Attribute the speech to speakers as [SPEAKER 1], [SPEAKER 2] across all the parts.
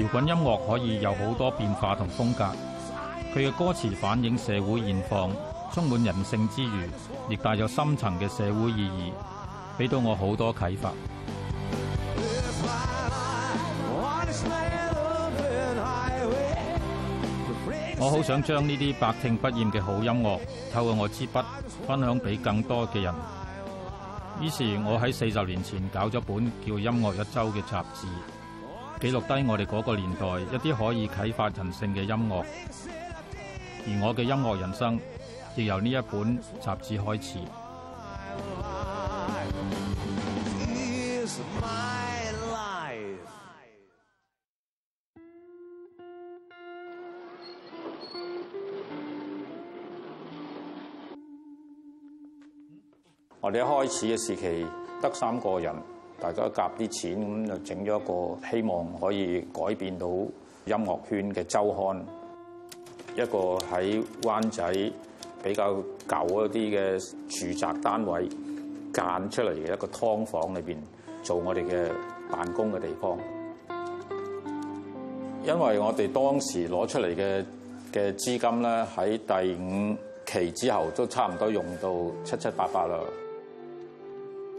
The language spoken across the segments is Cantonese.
[SPEAKER 1] 搖滾音樂可以有好多變化同風格，佢嘅歌詞反映社會現況，充滿人性之餘，亦帶有深層嘅社會意義，俾到我好多啟發。
[SPEAKER 2] 我好
[SPEAKER 1] 想將呢啲百聽不厭嘅好音樂，透過我支筆分享俾更多嘅人。於是，我喺四十年前搞咗本叫《音樂一週》嘅雜誌。記錄低我哋嗰個年代一啲可以啟發人性嘅音樂，而我嘅音樂人生亦由呢一本雜誌開始。我哋一開始嘅時期得三個人。大家夾啲錢咁就整咗一個希望可以改變到音樂圈嘅周刊，一個喺灣仔比較舊一啲嘅住宅單位間出嚟嘅一個劏房裏面做我哋嘅辦公嘅地方。因為我哋當時攞出嚟嘅嘅資金咧，喺第五期之後都差唔多用到七七八八啦。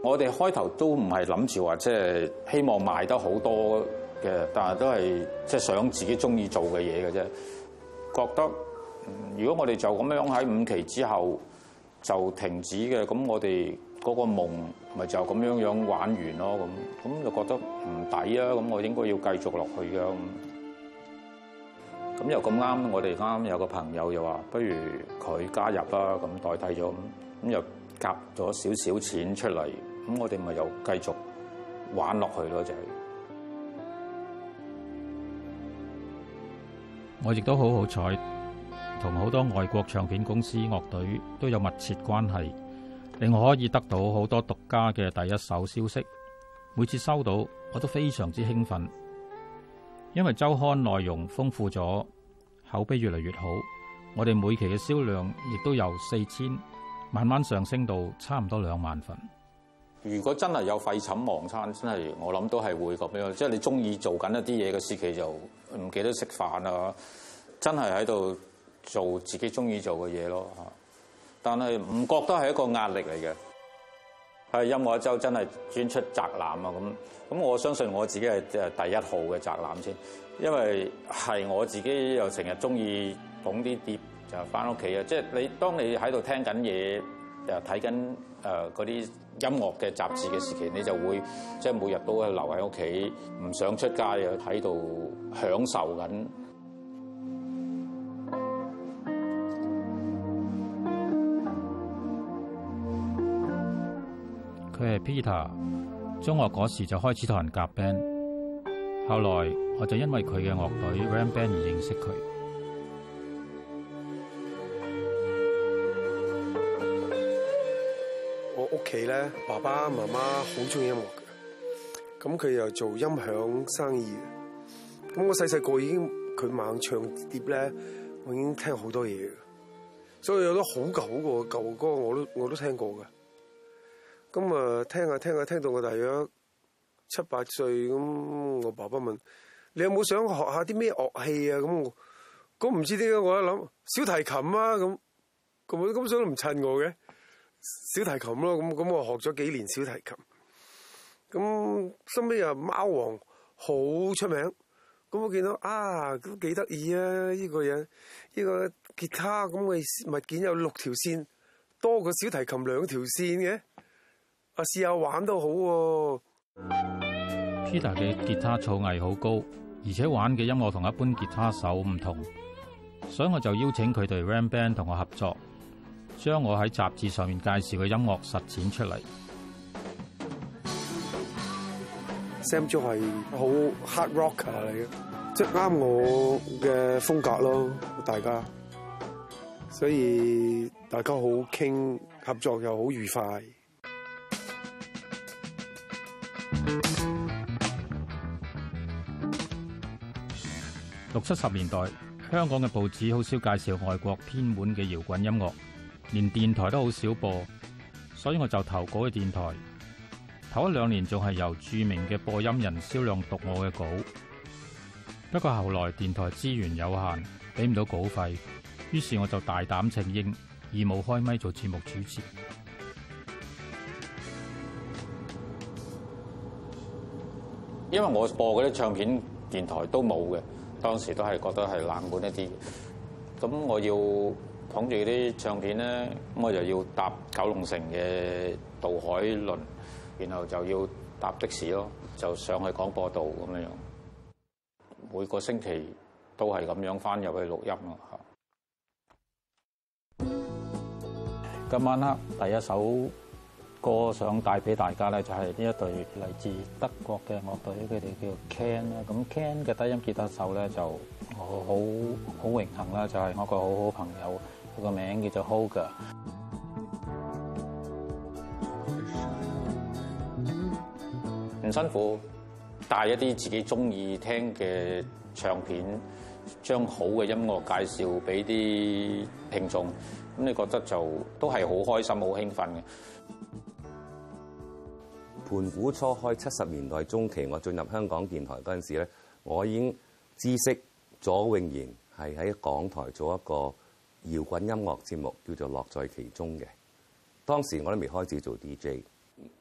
[SPEAKER 1] 我哋開頭都唔係諗住話，即係希望賣得好多嘅，但係都係即係想自己中意做嘅嘢嘅啫。覺得如果我哋就咁樣喺五期之後就停止嘅，咁我哋嗰個夢咪就咁樣樣玩完咯。咁咁又覺得唔抵啊！咁我應該要繼續落去嘅。咁又咁啱，我哋啱有個朋友又話，不如佢加入啦，咁代替咗咁，咁又夾咗少少錢出嚟。咁我哋咪又繼續玩落去咯，就係我亦都好好彩，同好多外國唱片公司樂隊都有密切關係，令我可以得到好多獨家嘅第一手消息。每次收到我都非常之興奮，因為週刊內容豐富咗，口碑越嚟越好。我哋每期嘅銷量亦都由四千慢慢上升到差唔多兩萬份。如果真係有廢寢忘餐，真係我諗都係會咁樣。即係你中意做緊一啲嘢嘅時期，就唔記得食飯啊！真係喺度做自己中意做嘅嘢咯嚇，但係唔覺得係一個壓力嚟嘅。係音樂一週真係專出宅男啊咁，咁我相信我自己係即係第一號嘅宅男先，因為係我自己又成日中意捧啲碟就翻屋企啊！即係你當你喺度聽緊嘢。誒睇緊誒嗰啲音樂嘅雜誌嘅時期，你就會即係每日都留喺屋企，唔想出街，喺度享受緊。佢係 Peter，中學嗰時就開始同人夾 band，後來我就因為佢嘅樂隊 Ramband 而認識佢。
[SPEAKER 2] 佢咧爸爸媽媽好中意音樂嘅，咁佢又做音響生意嘅，咁我細細個已經佢猛唱碟咧，我已經聽好多嘢，所以有咗好舊好個舊歌，我都我都聽過嘅。咁啊，聽下聽下，聽到我大約七八歲，咁我爸爸問：你有冇想學下啲咩樂器啊？咁，咁唔知點解我一諗小提琴啊，咁咁咁想都不，都唔襯我嘅。小提琴咯，咁咁我學咗幾年小提琴，咁收尾又貓王好出名，咁我見到啊都幾得意啊，呢個人呢、呢個吉他咁嘅物件有六條線，多過小提琴兩條線嘅，我試下玩都好。
[SPEAKER 1] Peter 嘅吉他造詣好高，而且玩嘅音樂同一般吉他手唔同，所以我就邀請佢對 Ram Band 同我合作。將我喺雜誌上面介紹嘅音樂實踐出嚟。
[SPEAKER 2] Sam Jor 係好 hard rocker 嚟嘅，即係啱我嘅風格咯。大家，所以大家好傾合作，又好愉快。
[SPEAKER 1] 六七十年代香港嘅報紙好少介紹外國偏門嘅搖滾音樂。連電台都好少播，所以我就投稿去電台，頭一兩年仲係由著名嘅播音人蕭亮讀我嘅稿。不過後來電台資源有限，俾唔到稿費，於是我就大膽請纓，義務開咪做節目主持。因為我播嗰啲唱片，電台都冇嘅，當時都係覺得係冷門一啲，咁我要。捧住啲唱片咧，咁我就要搭九龍城嘅渡海輪，然後就要搭的士咯，就上去廣播道咁樣。每個星期都係咁樣翻入去錄音啊！今晚黑第一首歌想帶俾大家咧，就係、是、呢一隊來自德國嘅樂隊，佢哋叫 Can 啦。咁 Can 嘅低音吉他手咧，就我好好榮幸啦，就係我個好好朋友。個名叫做 Hoga，唔辛苦，帶一啲自己中意聽嘅唱片，將好嘅音樂介紹俾啲聽眾。咁你覺得就都係好開心、好興奮嘅。
[SPEAKER 3] 盤古初開七十年代中期，我進入香港電台嗰陣時咧，我已經知悉咗左永然係喺港台做一個。搖滾音樂節目叫做樂在其中嘅。的當時我都未開始做 DJ，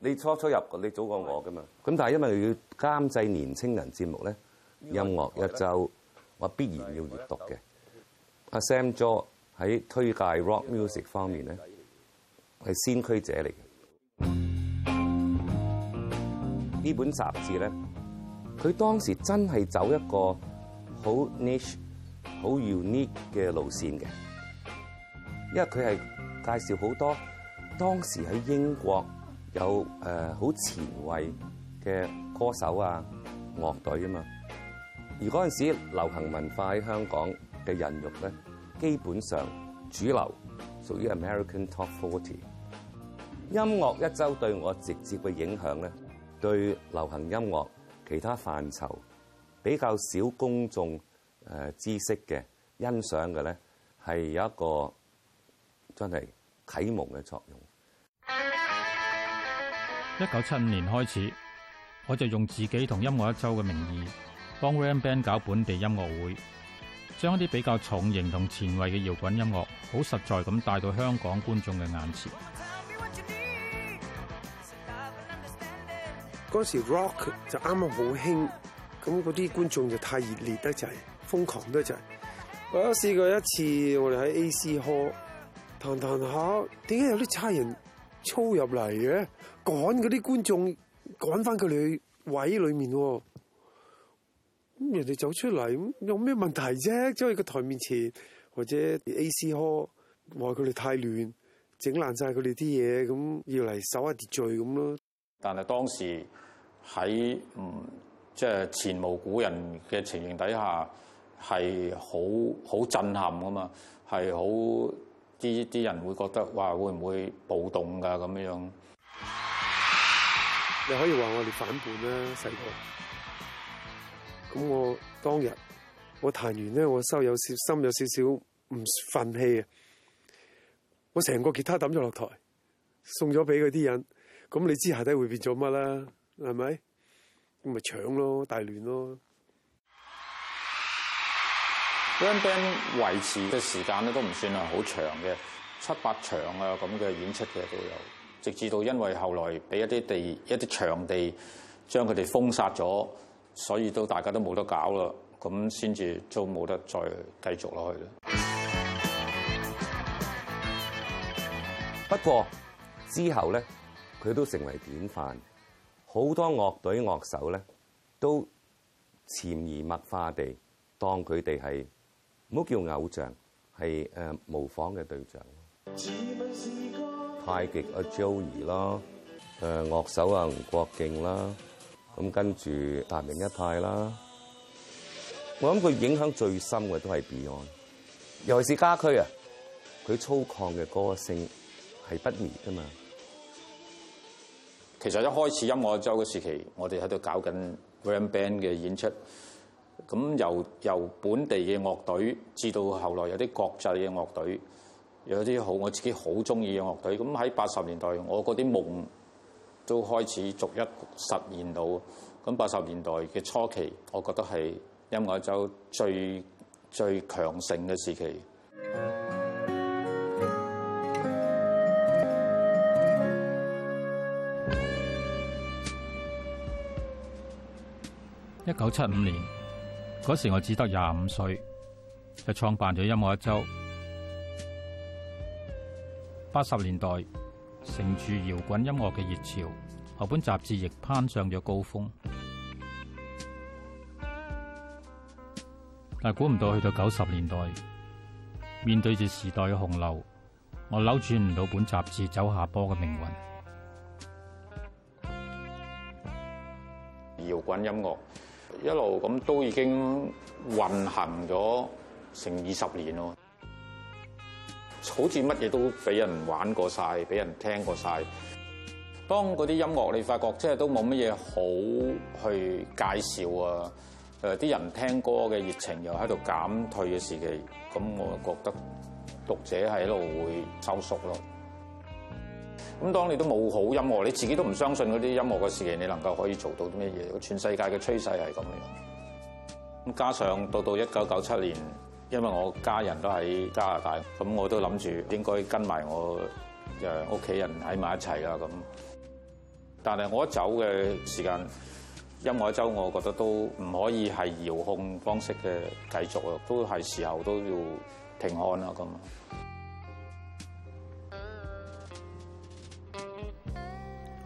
[SPEAKER 3] 你初初入過，你早過我㗎嘛？咁但係因為要監製年青人節目咧，音樂一週我必然要閱讀嘅。阿 Sam Jor 喺推介 rock music 方面咧係先驅者嚟嘅。呢本雜誌咧，佢當時真係走一個好 niche、好 unique 嘅路線嘅。因為佢係介紹好多當時喺英國有誒好前衛嘅歌手啊樂隊啊嘛。而嗰陣時流行文化喺香港嘅孕育咧，基本上主流屬於 American Top Forty。音樂一週對我直接嘅影響咧，對流行音樂其他範疇比較少公眾、呃、知識嘅欣賞嘅咧，係有一個。真係啟蒙嘅作用。
[SPEAKER 1] 一九七五年開始，我就用自己同音樂一週嘅名義，幫 Ram Band 搞本地音樂會，將一啲比較重型同前衛嘅搖滾音樂，好實在咁帶到香港觀眾嘅眼前。
[SPEAKER 2] 嗰時 rock 就啱啱好興，咁嗰啲觀眾就太熱烈得滯，瘋狂得滯。我試過一次，我哋喺 AC Hall。談談下點解有啲差人操入嚟嘅，趕嗰啲觀眾趕翻佢哋位裏面喎。咁人哋走出嚟，咁有咩問題啫？即係個台面前或者 A C 科話佢哋太亂，整爛晒佢哋啲嘢，咁要嚟守下秩序咁咯。
[SPEAKER 1] 但係當時喺嗯即係、就是、前無古人嘅情形底下，係好好震撼噶嘛，係好。啲啲人會覺得哇，會唔會暴動㗎？咁樣樣，你可以
[SPEAKER 2] 話我哋反叛啦，細個。咁我當日我彈完咧，我收有少心有少少唔憤氣啊！我成個吉他抌咗落台，送咗俾嗰啲人。咁你知下底會變咗乜啦？係咪？咁咪搶咯，大亂咯！
[SPEAKER 1] band 維持嘅時間咧都唔算係好長嘅，七八場啊咁嘅演出嘅都有。直至到因為後來俾一啲地一啲場地將佢哋封殺咗，所以都大家都冇得搞啦，咁先至都冇得再繼續落去啦。
[SPEAKER 3] 不過之後咧，佢都成為典範，好多樂隊樂手咧都潛移默化地當佢哋係。唔好叫偶像，係誒、呃、模仿嘅對象。太極阿、啊、Joey 啦，誒、呃、樂手啊吳國敬啦，咁跟住達明一派啦。我諗佢影響最深嘅都係 Beyond，尤其是家駒啊，佢粗獷嘅歌聲係不滅噶嘛。
[SPEAKER 1] 其實一開始音樂一週嘅時期，我哋喺度搞緊 Ram band 嘅演出。咁由由本地嘅樂隊，至到後來有啲國際嘅樂隊，有啲好我自己好鍾意嘅樂隊。咁喺八十年代，我嗰啲夢都開始逐一實現到。咁八十年代嘅初期，我覺得係音樂一週最最強盛嘅時期。一九七五年。嗰時我只得廿五歲，就創辦咗《音樂一週》。八十年代乘住搖滾音樂嘅熱潮，我本雜誌亦攀上咗高峰。但係估唔到去到九十年代，面對住時代嘅洪流，我扭轉唔到本雜誌走下坡嘅命運。搖滾音樂。一路咁都已經運行咗成二十年咯，好似乜嘢都俾人玩過晒，俾人聽過晒。當嗰啲音樂你發覺即係都冇乜嘢好去介紹啊，誒啲人聽歌嘅熱情又喺度減退嘅時期，咁我就覺得讀者係一路會收縮咯。咁當你都冇好音樂，你自己都唔相信嗰啲音樂嘅時期，你能夠可以做到啲乜嘢？全世界嘅趨勢係咁樣的。咁加上到到一九九七年，因為我家人都喺加拿大，咁我都諗住應該跟埋我誒屋企人喺埋一齊啦。咁，但係我一走嘅時間，音樂一週我覺得都唔可以係遙控方式嘅繼續啊，都係時候都要停刊啦咁。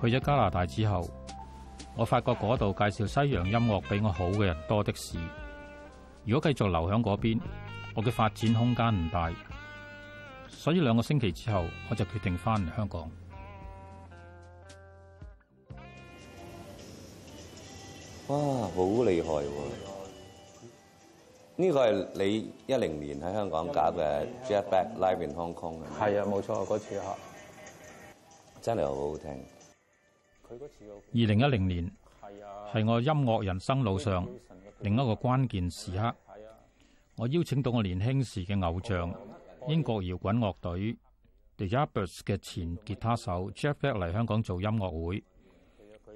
[SPEAKER 1] 去咗加拿大之後，我發覺嗰度介紹西洋音樂比我好嘅人多的是。如果繼續留喺嗰邊，我嘅發展空間唔大，所以兩個星期之後我就決定翻嚟香港。
[SPEAKER 3] 哇，好厲害喎！呢個係你一零年喺香港搞嘅 Jet Back Live in Hong Kong 係咪？係啊，冇錯，嗰次真係好好聽。
[SPEAKER 1] 二零一零年係我音樂人生路上另一個關鍵時刻。我邀請到我年輕時嘅偶像英國搖滾樂隊 The Yardbirds 嘅前吉他手 Jeff Beck 嚟香港做音樂會。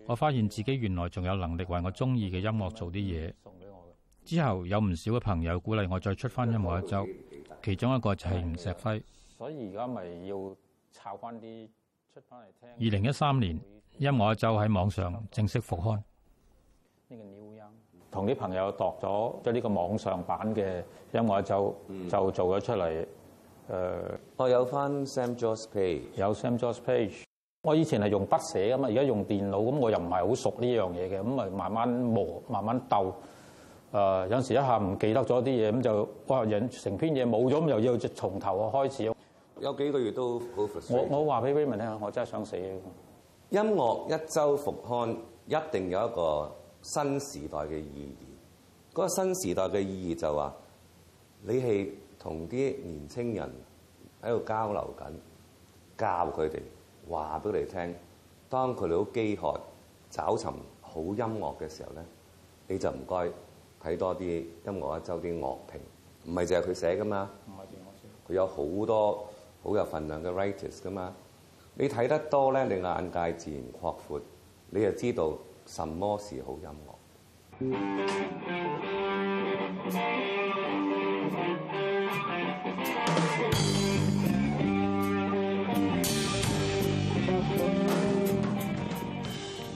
[SPEAKER 1] 我發現自己原來仲有能力為我中意嘅音樂做啲嘢。之後有唔少嘅朋友鼓勵我再出翻音樂一周，其中一個就係吳石輝。所以而家咪要炒翻啲出翻嚟聽。二零一三年。音樂一週喺網上正式復刊。呢個鳥音同啲朋友度咗，將呢個網上版嘅音樂一週就做咗出嚟、呃哦。誒，我有翻 Sam Jor Page，有 Sam Jor Page。我以前係用筆寫噶嘛，而家用電腦咁，我又唔係好熟呢樣嘢嘅，咁咪慢慢磨，慢慢鬥。誒、呃，有時一下唔記得咗啲嘢，咁就哇，引成篇嘢冇咗，咁又要從頭開始。
[SPEAKER 3] 有幾個月都好。我我
[SPEAKER 1] 話俾 Raymond 聽，我真係想死。音樂一週復刊一
[SPEAKER 3] 定有一個新時代嘅意義。嗰個新時代嘅意義就話，你係同啲年青人喺度交流緊，教佢哋話俾你哋聽。當佢哋好飢渴、找尋好音樂嘅時候咧，你就唔該睇多啲音樂一週啲樂評。唔係淨係佢寫噶嘛？唔係佢有好多好有份量嘅 writers 噶嘛。你睇得多咧，你眼界自然擴闊，你就知道什麼是好音樂。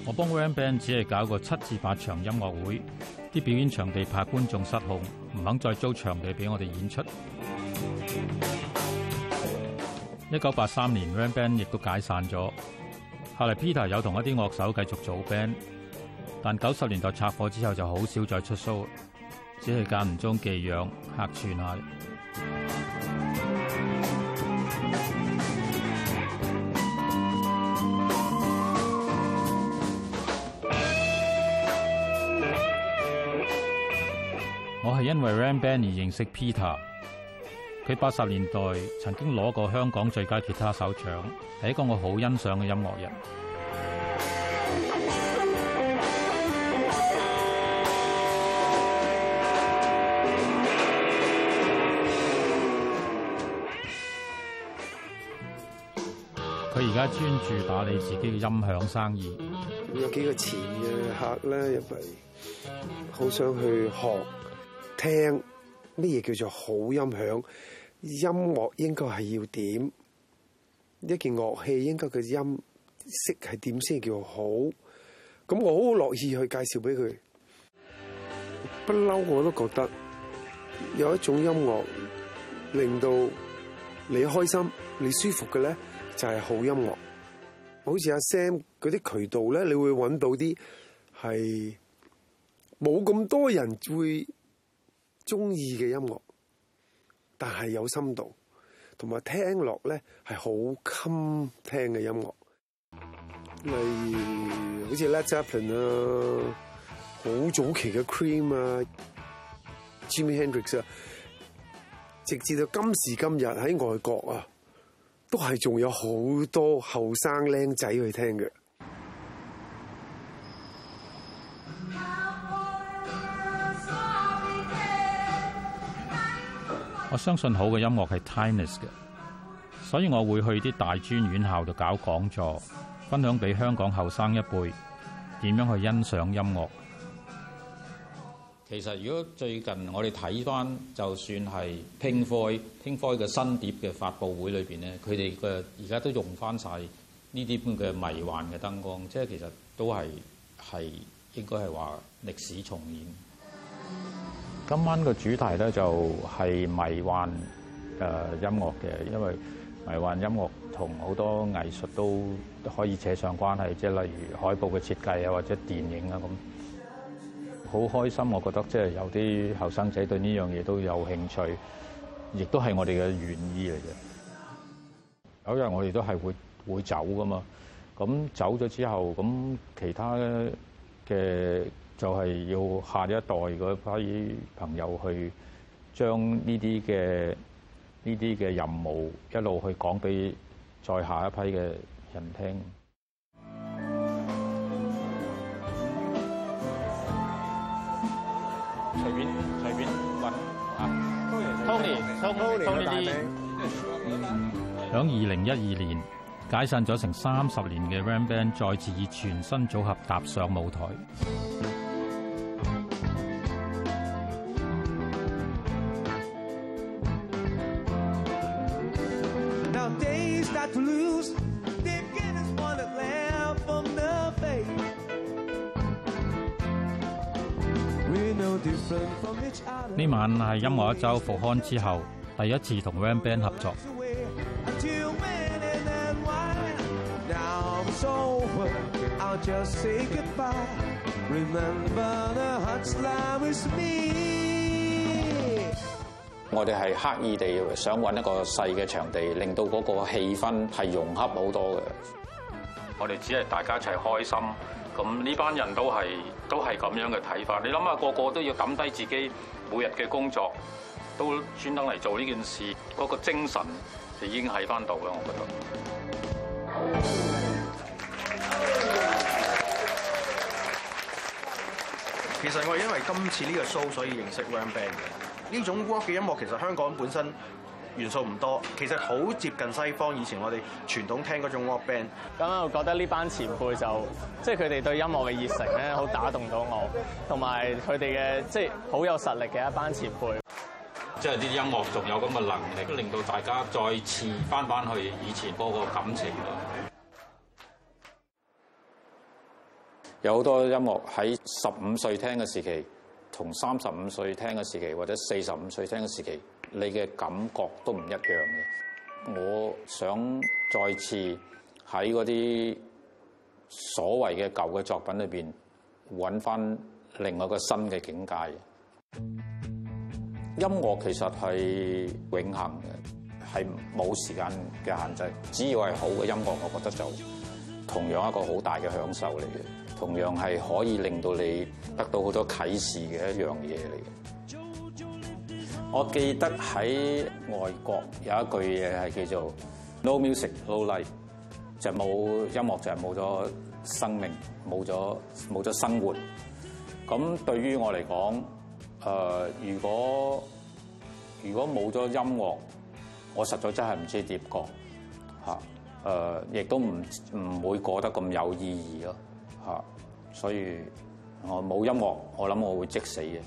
[SPEAKER 1] 我幫 Ram Band 只係搞個七至八場音樂會，啲表演場地怕觀眾失控，唔肯再租場地俾我哋演出。一九八三年 Ram Band 亦都解散咗。後來 Peter 有同一啲樂手繼續組 band，但九十年代拆伙之後就好少再出 show，只係間唔中寄養客串下。我係因為 Ram Band 而認識 Peter。佢八十年代曾經攞過香港最佳吉他手獎，係一個我好欣賞嘅音樂人。佢而家專注打理自己嘅音響生意，
[SPEAKER 2] 有幾個前嘅客咧，入嚟好想去學聽。咩嘢叫做好音響？音樂應該係要點？一件樂器應該嘅音色係點先叫好？咁我好樂意去介紹俾佢。不嬲，我都覺得有一種音樂令到你開心、你舒服嘅咧，就係好音樂。好似阿 Sam 嗰啲渠道咧，你會揾到啲係冇咁多人會。中意嘅音樂，但係有深度，同埋聽落咧係好襟聽嘅音樂。例如好似 Led Zeppelin 啊，好 Chaplin，早期嘅 Cream 啊，Jimi Hendrix 啊，直至到今時今日喺外國啊，都係仲有好多後生靚仔去聽嘅。
[SPEAKER 1] 我相信好嘅音樂係 timeless 嘅，所以我會去啲大專院校度搞講座，分享俾香港後生一輩點樣去欣賞音樂。其實如果最近我哋睇翻，就算係 Pink Floyd、Pink Floyd 嘅新碟嘅發佈會裏邊咧，佢哋嘅而家都用翻晒呢啲咁嘅迷幻嘅燈光，即係其實都係係應該係話歷史重演。今晚個主題咧就係迷幻誒音樂嘅，因為迷幻音樂同好多藝術都可以扯上關係，即係例如海報嘅設計啊，或者電影啊咁。好開心，我覺得即係有啲後生仔對呢樣嘢都有興趣，亦都係我哋嘅原意嚟嘅。有一日我哋都係會會走㗎嘛，咁走咗之後，咁其他嘅。就係、是、要下一代嗰批朋友去將呢啲嘅呢啲嘅任務一路去講俾再下一批嘅人聽2012。隨便隨便揾啊，Tony Tony，Tony 喺二零一二年解散咗成三十年嘅 Ram Band，再次以全新組合踏上舞台。呢晚係音樂一周復康之後第一次同 Ram Band 合作。 我哋係刻意地想揾一個細嘅場地，令到嗰個氣氛係融合好多嘅。 我哋只係大家一齊開心。咁呢班人都係都是這樣嘅睇法。你諗下，個個都要揼低自己。每日嘅工作都專登嚟做呢件事，嗰個精神就已經喺翻度啦。我覺得。其實我係因為今次呢個 show 所以認識 Rainband 嘅。呢種 rock 嘅音樂其實香港本身，元素唔多，其實好接近西方。以前我哋傳統聽嗰種 rock band，咁啊，我覺得呢班前輩就即係佢哋對音樂嘅熱誠咧，好打動到我，同埋佢哋嘅即係好有實力嘅一班前輩。即係啲音樂仲有咁嘅能力，令到大家再次翻返去以前嗰個感情。有好多音樂喺十五歲聽嘅時期，同三十五歲聽嘅時期，或者四十五歲聽嘅時期。你嘅感覺都唔一樣嘅。我想再次喺嗰啲所謂嘅舊嘅作品裏面揾翻另外一個新嘅境界。音樂其實係永恆嘅，係冇時間嘅限制。只要係好嘅音樂，我覺得就同樣一個好大嘅享受嚟嘅，同樣係可以令到你得到好多啟示嘅一樣嘢嚟嘅。我記得喺外國有一句嘢係叫做 no music no life，就冇音樂就係冇咗生命，冇咗冇咗生活。咁對於我嚟講、呃，如果如果冇咗音樂，我實在真係唔知點過嚇，呃，亦都唔唔會過得咁有意義咯、啊、所以我冇音樂，我諗我會即死嘅。